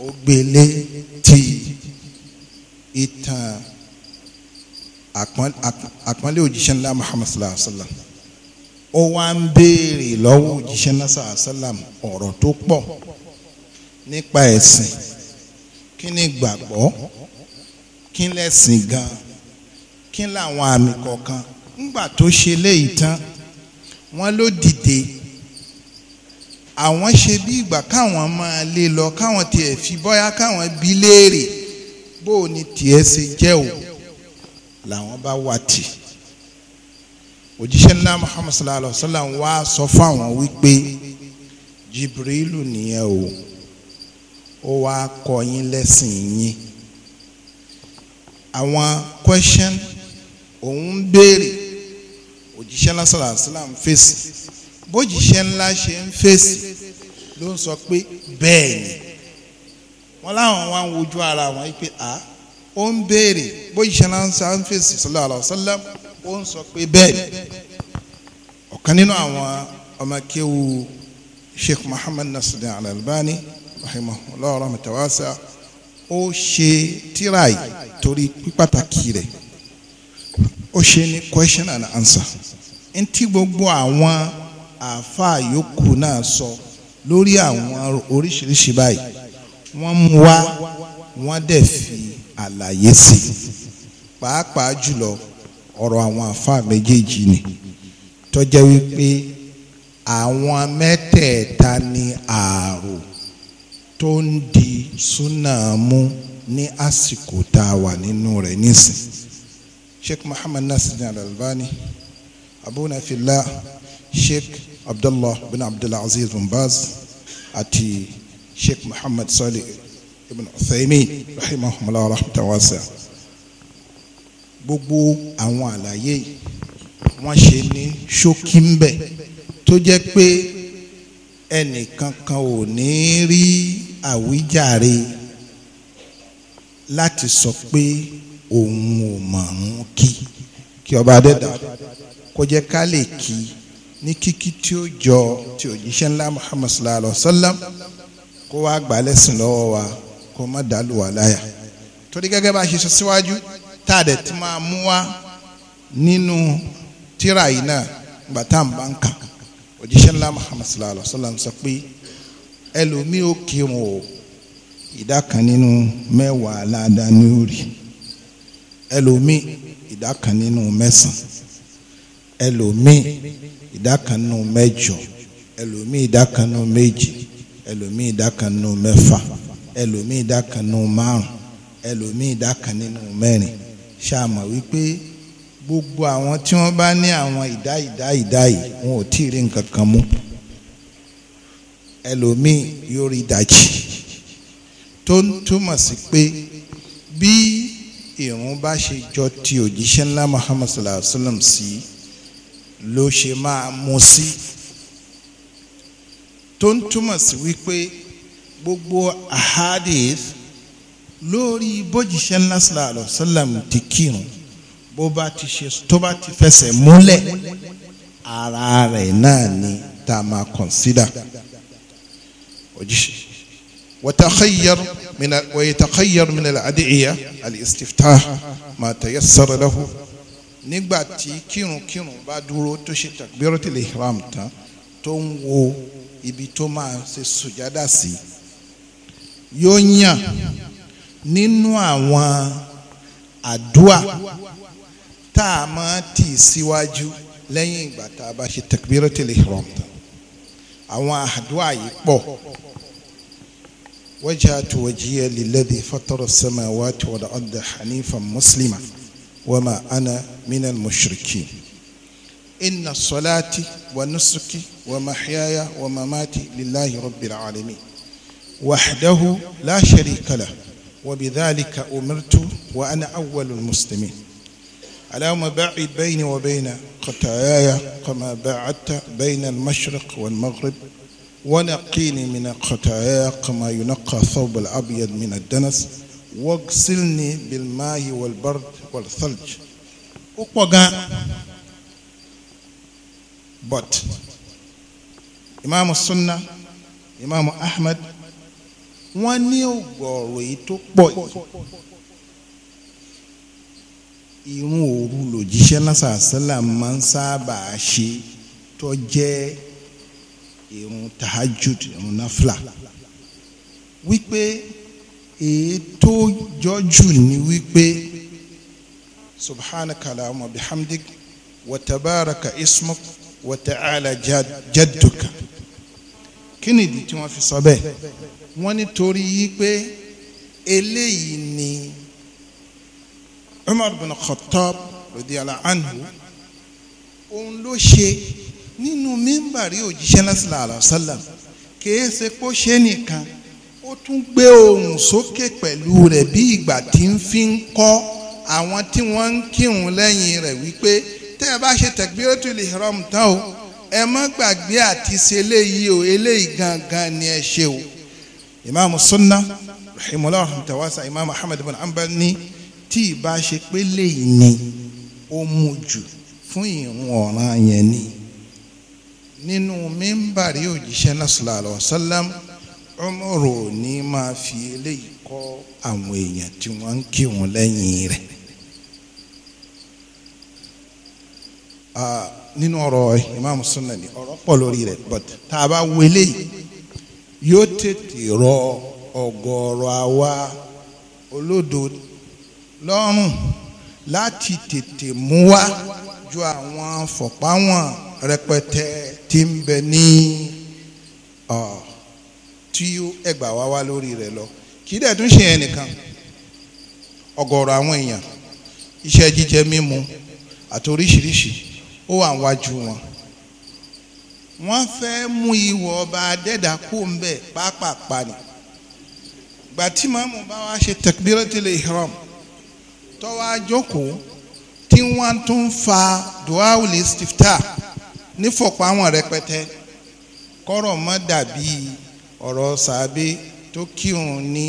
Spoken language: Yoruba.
ó ti ìtàn àpọ́nlé òjíṣẹ́ ńlá muhammad sallallahu alayhi wa sallam ó wá ń béèrè lọ́wọ́ òjíṣẹ́ ńlá sallallahu alayhi wa sallam ọ̀rọ̀ tó pọ̀ nípa ẹ̀sìn kí ni gbàgbọ́ kí lẹ́sìn gan kí làwọn àmì kọ̀ọ̀kan ńgbà tó ṣe léyìí tán wọ́n ló dìde àwọn ṣe bí ìgbà káwọn máa lé lọ káwọn tiẹ̀ fi bọ́yá káwọn bí léèrè bó o ní tiẹ̀ ṣe jẹ́ o làwọn bá wà tì òjíṣẹ́ ńlá muhammad sallallahu alayhi wa sallam wá sọ fáwọn wípé jibrilu nìyẹn o ó wá kọ́ yín lẹ́sìn yín àwọn question òun béèrè òjíṣẹ́ ńlá sallallahu alayhi wa sallam fèsì bójìṣẹ́ ńlá ṣe ń fèsì ló ń sọ pé bẹ́ẹ̀ ni wọ́n láwọn wá ń wojú ara wọn pé à ó ń béèrè bójìṣẹ́ ńlá ṣe ń fèsì sallallahu alaihi wasallam ó ń sọ pé bẹ́ẹ̀ ni ọ̀kan nínú àwọn ọmọ kéwu Sheikh Muhammad Nasiruddin Al-Albani rahimahullah rahmatan wasi'a ó ṣe tírà yìí torí pípàtàkì rẹ̀ ó ṣe ní question and answer ntí gbogbo àwọn àáfàá yòókù náà sọ lórí àwọn oríṣiríṣi báyìí wọ́n mú wá wọ́n dẹ̀ fi àlàyé sí i pàápàá jùlọ ọ̀rọ̀ àwọn àáfàá méjèèjì ni tó jẹ́ wípé àwọn mẹ́tẹ̀ẹ̀ta ni ààrò tó ń di súnà mú ní àsìkò tá a wà nínú rẹ̀ nísìn sheikh muhammad nasir al-albani abunafillah sheikh abdullah bin abdulaziz bin baz àti sheikh muhammad salih ibn uthaymin rahimahumullah rahmatan wasi'a gbogbo àwọn àlàyé wọ́n ṣe ní ṣókí ń bẹ̀ tó jẹ́ pé ẹnìkankan ò ní rí àwíjàre láti sọ pé òun ò mọ̀ ń kí kí ọba adẹ́dà kó jẹ́ ká lè kí i ní kíkí tí ó jọ tí òjíṣẹ́ ńlá muhammad sallallahu alaihi wa sallam kó wá gbà lẹ́sìn lọ́wọ́ wa kó má dàlù wà láyà torí gẹ́gẹ́ bá a ṣe sọ síwájú tá a dẹ̀ ti máa mú wa nínú tíra yìí náà gbà tá à ń bá ń kà òjíṣẹ́ ńlá muhammad sallallahu alaihi wa sallam sọ pé ẹlòmíì ó kírun o ìdá kan nínú mẹ́wàá aládàáni ó rí ẹlòmíì ìdá kan nínú mẹ́sàn-án ẹlòmíì ìdákanu mẹ́jọ ẹlòmíì ìdákanu méjì ẹlòmíì ìdákanu mẹ́fà ẹlòmíì ìdákanu márùn ẹlòmíì ìdákaninu mẹ́rin ṣàmọ wípé gbogbo àwọn tí wọ́n bá ní àwọn ìdá ìdá ìdá yìí wọn ò tí ì rí nǹkan kan mú ẹlòmíì yóò rí ìdajì tó ń túmọ̀ sí pé bí ìrun bá ṣe jọ ti òjíṣẹ́ ńlá Muhammad sallallahu alaihi wa sallam sí. Si, ló ṣe máa mu sí tó ń túmọ̀ sí wípé gbogbo ahadith lórí bójìṣẹ́ ńlá sàlàlù sàlàm ti kírun bó bá ti ṣe tó bá ti fẹsẹ̀ múlẹ̀ ara rẹ̀ náà ni tá a máa consider òjíṣẹ́ وتخير من ويتخير من الأدعية الاستفتاح ما تيسر له nígbà tí kírunkírun bá dúró tó ṣe takbiratul ihram tán tó ń wo ibi tó máa ṣe sùjádà sí yóò yàn nínú àwọn àdúà tá a máa tì síwájú lẹ́yìn ìgbà tá a bá ṣe takbiratul ihram tán àwọn àdúà yìí pọ̀ wajhatu wajhiya lilladhi fatara samawati wal arda hanifan muslima wama ana. من المشركين إن الصلاة ونسك ومحياي ومماتي لله رب العالمين وحده لا شريك له وبذلك أمرت وأنا أول المسلمين اللهم بعد بيني وبين خطاياي كما بعدت بين المشرق والمغرب ونقيني من خطاياي كما ينقى ثوب الأبيض من الدنس واغسلني بالماء والبرد والثلج ó pọ̀ gan but imaamu sunna imaamu ahmed wọ́n ní ọ̀gọ̀ọ̀rọ̀ èyí tó pọ̀ yìí irun òru lòjíṣẹ́ lásàásílà máa ń sábà ṣe tó jẹ́ irun tahajud irun nafla wípé èyí tó jọjú ni wípé. سبحانك اللهم وبحمدك وتبارك اسمك وتعالى جد جدك kí ni ìdí tí wọ́n fi sọ bẹ́ẹ̀ wọ́n nítorí yí pé eléyìí ni Umar bin Khattab radiyallahu anhu òun ló ṣe nínú mímbàrí òjíṣẹ́ lásìlá àlàsálàm kìí ṣe ṣe nìkan ó tún gbé ohùn sókè pẹ̀lú rẹ̀ bí ìgbà tí ń fi ń kọ́ àwọn tí wọ́n ń kírun lẹ́yìn rẹ̀ wípé tẹ́ ẹ bá ṣe takbiratul ihram tán o ẹ má gbàgbé àti ṣe eléyìí o eléyìí gangan ni ẹ ṣe o imaamu sunna rahimahullah tawasa imaamu ahmed bin hanbal ni tí ìbá ṣe pé léyìí ni ó mú jù fún ìrun ọ̀ràn yẹn ni nínú mímbàrí òjíṣẹ́ náà sallallahu alaihi wasallam Umaru ní máa fi eléyìí kọ́ àwọn èèyàn tí wọ́n ń kírun lẹ́yìn rẹ̀. nínú ọ̀rọ̀ imam sunna ni ọ̀rọ̀ pọ̀ lórí rẹ̀ but tá a bá wele yóò tètè rọ ọ̀gọ̀ọ̀rọ̀ àwa olódo lọ́rùn láti tètè mú wá ju àwọn fọ̀páwọn rẹpẹtẹ tí ń bẹ ní tí ẹgbà wá wá lórí rẹ̀ lọ kì í dẹ̀ tún ṣe yẹn nìkan ọ̀gọ̀ọ̀rọ̀ àwọn èèyàn iṣẹ́ jíjẹ mímu àti oríṣiríṣi ó wà wájú wọn wọ́n fẹ́ mú ìwọ ọba adẹ́dà kó ń bẹ̀ pápápá ni gbàtí màmú bá wá ṣe takbiratul ihram tó wá jókòó tí wọ́n tún fa duawul istiftah nífọ̀pọ̀ àwọn rẹpẹtẹ kọ́rọ̀ mọ́ dàbí ọ̀rọ̀ sàbẹ̀ tó kírun ní.